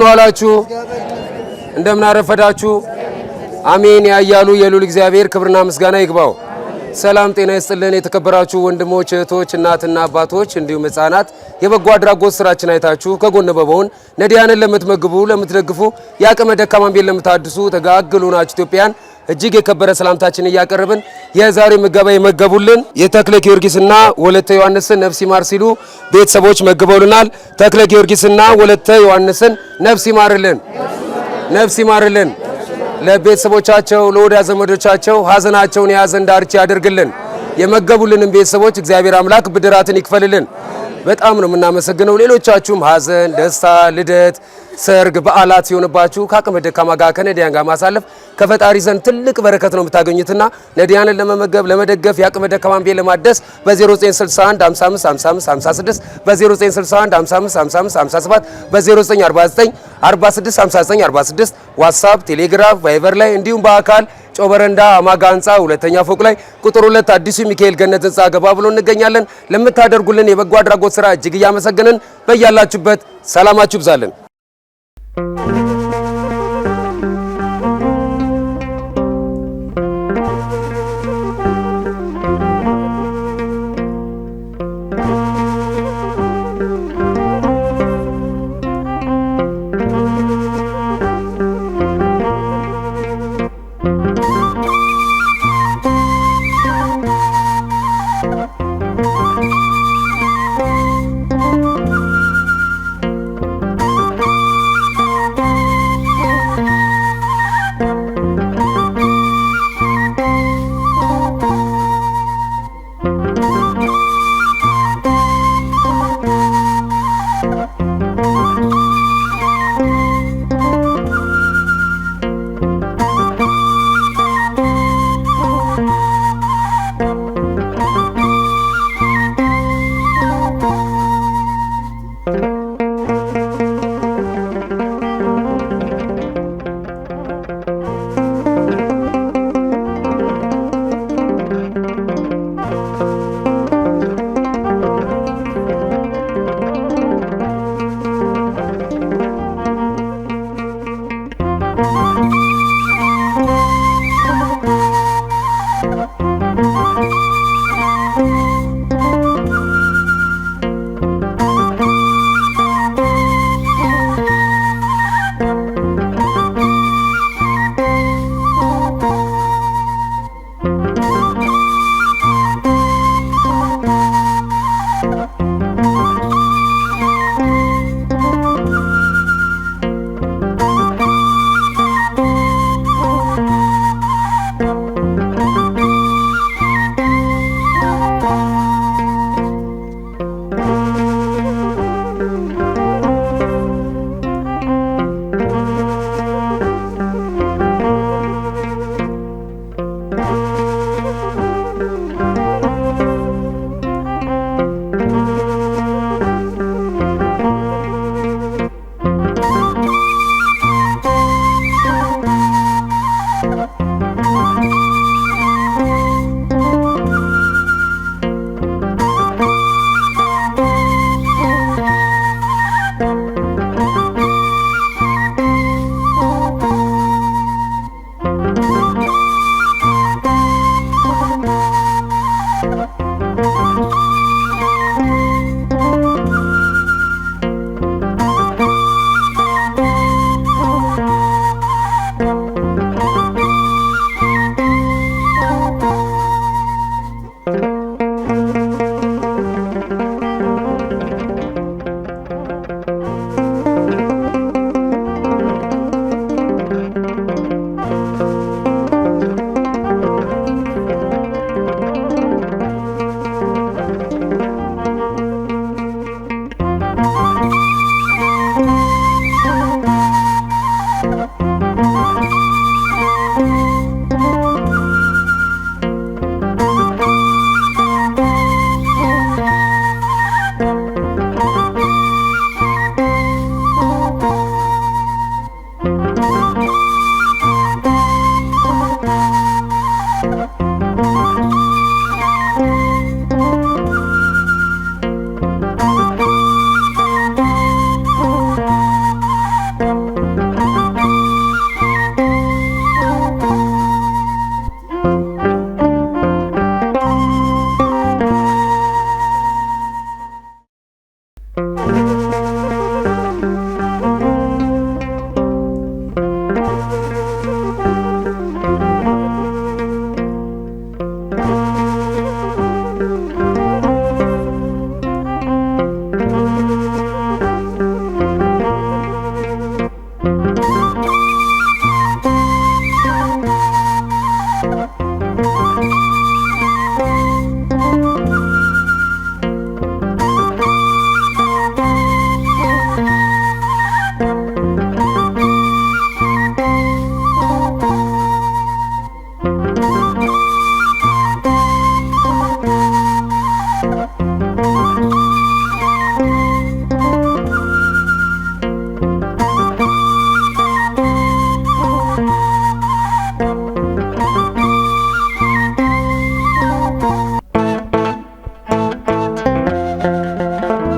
እንደምን ዋላችሁ፣ እንደምን አረፈዳችሁ። አሜን ያያሉ የሉል እግዚአብሔር ክብርና ምስጋና ይግባው። ሰላም ጤና ይስጥልን። የተከበራችሁ ወንድሞች እህቶች፣ እናትና አባቶች እንዲሁም ህጻናት የበጎ አድራጎት ስራችን አይታችሁ ከጎን በመሆን ነዳያንን ለምትመግቡ፣ ለምትደግፉ የአቅመ ደካማን ቤት ለምታድሱ ተጋግሉ ኢትዮጵያን እጅግ የከበረ ሰላምታችን እያቀረብን የዛሬ ምገባ የመገቡልን የተክለ ጊዮርጊስና ወለተ ዮሐንስን ነፍስ ይማር ሲሉ ቤተሰቦች መግበውልናል። ተክለ ጊዮርጊስና ወለተ ዮሐንስን ነፍስ ይማርልን፣ ነፍስ ይማርልን። ለቤተሰቦቻቸው ለወዳ ዘመዶቻቸው ሀዘናቸውን የያዘን ዳርቻ ያደርግልን። የመገቡልንም ቤተሰቦች እግዚአብሔር አምላክ ብድራትን ይክፈልልን። በጣም ነው የምናመሰግነው። ሌሎቻችሁም ሀዘን፣ ደስታ፣ ልደት ሰርግ፣ በዓላት ሲሆንባችሁ ከአቅመ ደካማ ጋር ከነዳያን ጋር ማሳለፍ ከፈጣሪ ዘንድ ትልቅ በረከት ነው የምታገኙትና ነዳያንን ለመመገብ ለመደገፍ የአቅመ ደካማን ቤት ለማደስ በ0961 55 በ0961 55 በ0949 ዋትሳፕ፣ ቴሌግራም፣ ቫይበር ላይ እንዲሁም በአካል ጮበረንዳ አማጋ ህንፃ ሁለተኛ ፎቅ ላይ ቁጥር ሁለት አዲሱ ሚካኤል ገነት ህንፃ ገባ ብሎ እንገኛለን። ለምታደርጉልን የበጎ አድራጎት ስራ እጅግ እያመሰገንን በያላችሁበት ሰላማችሁ ይብዛልን። Thank you.